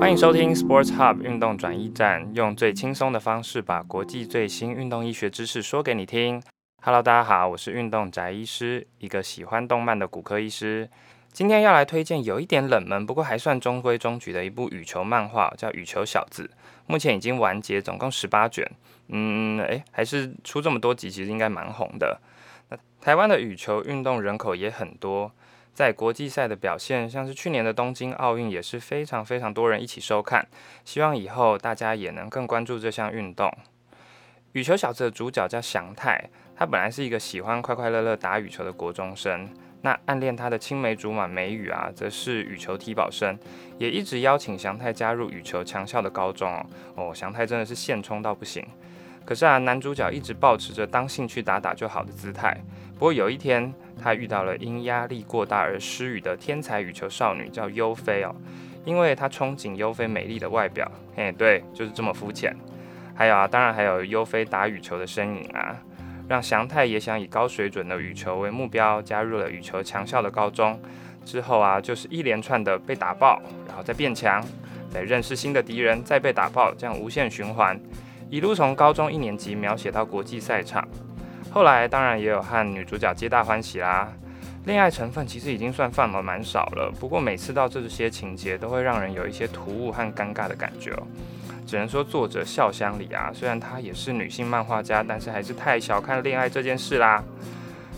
歡迎收聽 Sports Hub 運動轉驛站，用最輕鬆的方式把國際最新運動醫學知識說給你聽。Hello，大家好，我是運動宅醫師，一個喜歡動漫的骨科醫師。今天要來推薦有一點冷門，不過還算中規中矩的一部羽球漫畫，叫《羽球小子》。目前已經完結，總共十八卷。嗯，哎、欸，還是出這麼多集，其實應該蠻紅的。那台灣的羽球運動人口也很多，在國際賽的表現，像是去年的東京奧運，也是非常非常多人一起收看。希望以後大家也能更關注這項運動。羽球小子的主角叫祥太，他本來是一個喜歡快快樂樂打羽球的國中生。那暗戀他的青梅竹馬美羽啊，則是羽球體保生，也一直邀請翔太加入羽球強校的高中哦。哦，翔太真的是現充到不行。可是啊，男主角一直保持着當興趣打打就好的姿態。不過有一天，他遇到了因壓力過大而失語的天才羽球少女，叫悠菲哦。因為他憧憬悠菲美麗的外表，嘿，對，就是這麼膚淺。還有啊，當然還有悠菲打羽球的身影啊。讓翔太也想以高水準的羽球為目標，加入了羽球強校的高中。之後啊，就是一連串的被打爆，然後再變強，來認識新的敵人，再被打爆，這樣無限循環。一路從高中一年級描寫到國際賽場。後來當然也有和女主角皆大歡喜啦。戀愛成分其實已經算放了蠻少了，不過每次到這些情節，都會讓人有一些突兀和尷尬的感覺。只能說作者咲香里啊，雖然她也是女性漫畫家，但是還是太小看戀愛這件事啦。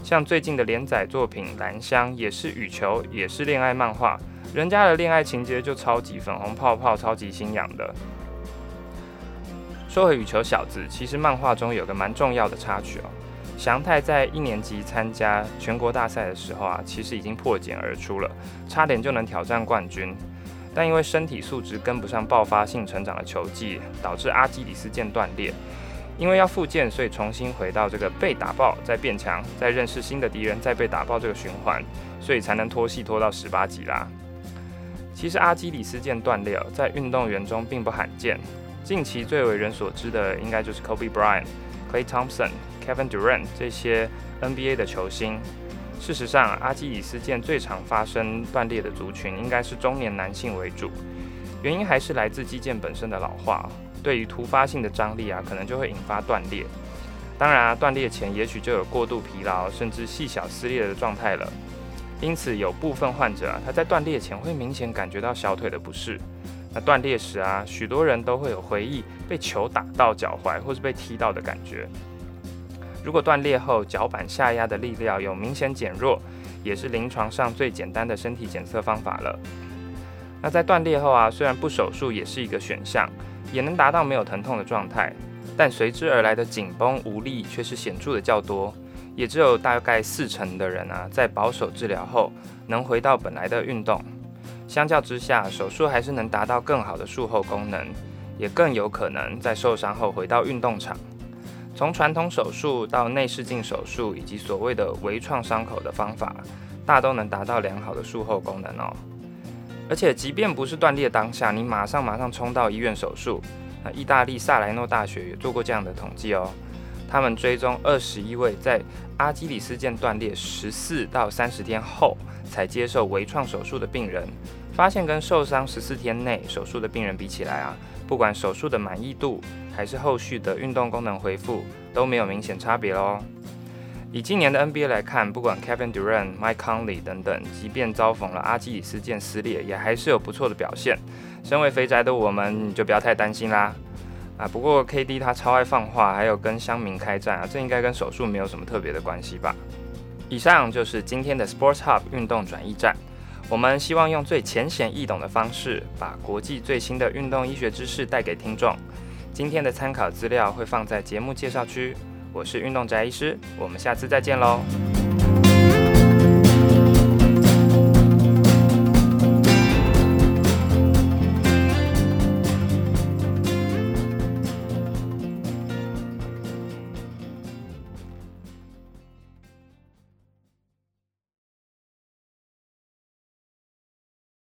像最近的連載作品《藍箱》也是羽球，也是戀愛漫畫，人家的戀愛情節就超級粉紅泡泡，超級新癢的。說回羽球小子，其實漫畫中有個蠻重要的插曲哦、喔。祥太在一年級參加全國大賽的時候啊，其實已經破繭而出了，差點就能挑戰冠軍。但因為身體素質跟不上爆發性成長的球技，導致阿基里斯腱斷裂。因為要復健，所以重新回到這個被打爆、再變強、再認識新的敵人、再被打爆這個循環，所以才能拖戲拖到十八級啦。其實阿基里斯腱斷裂在運動員中並不罕見，近期最為人所知的應該就是 Kobe Bryant、Klay Thompson、Kevin Durant 這些 NBA 的球星。事實上，阿基里斯腱最常發生斷裂的族群應該是中年男性為主，原因還是來自肌腱本身的老化。對於突發性的張力啊，可能就會引發斷裂。當然啊，斷裂前也許就有過度疲勞，甚至細小撕裂的狀態了。因此，有部分患者啊，他在斷裂前會明顯感覺到小腿的不適。那斷裂時啊，許多人都會有回憶被球打到腳踝或是被踢到的感覺。如果斷裂後腳板下壓的力量有明顯減弱，也是臨床上最簡單的身體檢測方法了。那在斷裂後啊，雖然不手術也是一個選項，也能達到沒有疼痛的狀態，但隨之而來的緊繃無力卻是顯著的較多。也只有大概四成的人啊，在保守治療後能回到本來的運動。相較之下，手術還是能達到更好的術後功能，也更有可能在受傷後回到運動場。從傳統手術到內視鏡手術，以及所謂的微創傷口的方法，大都能達到良好的術後功能哦。而且，即便不是斷裂當下，你馬上馬上衝到醫院手術，那意大利薩萊諾大學也做過這樣的統計哦。他們追蹤二十一位在阿基里斯腱斷裂十四到三十天後才接受微創手術的病人。發現跟受傷十四天內手術的病人比起來啊，不管手術的滿意度還是後續的運動功能恢復都沒有明顯差別咯。以今年的 NBA 來看，不管 Kevin Durant、Mike Conley 等等，即便遭逢了阿基里斯腱撕裂，也還是有不錯的表現。身為肥宅的我們你就不要太擔心啦。啊，不過 KD 他超愛放話，還有跟鄉民開戰啊，這應該跟手術沒有什麼特別的關係吧？以上就是今天的 Sports Hub 運動轉驛站。我們希望用最淺顯易懂的方式，把國際最新的運動醫學知識帶給聽眾。今天的參考資料會放在節目介紹區。我是運動宅醫師，我們下次再見嘍。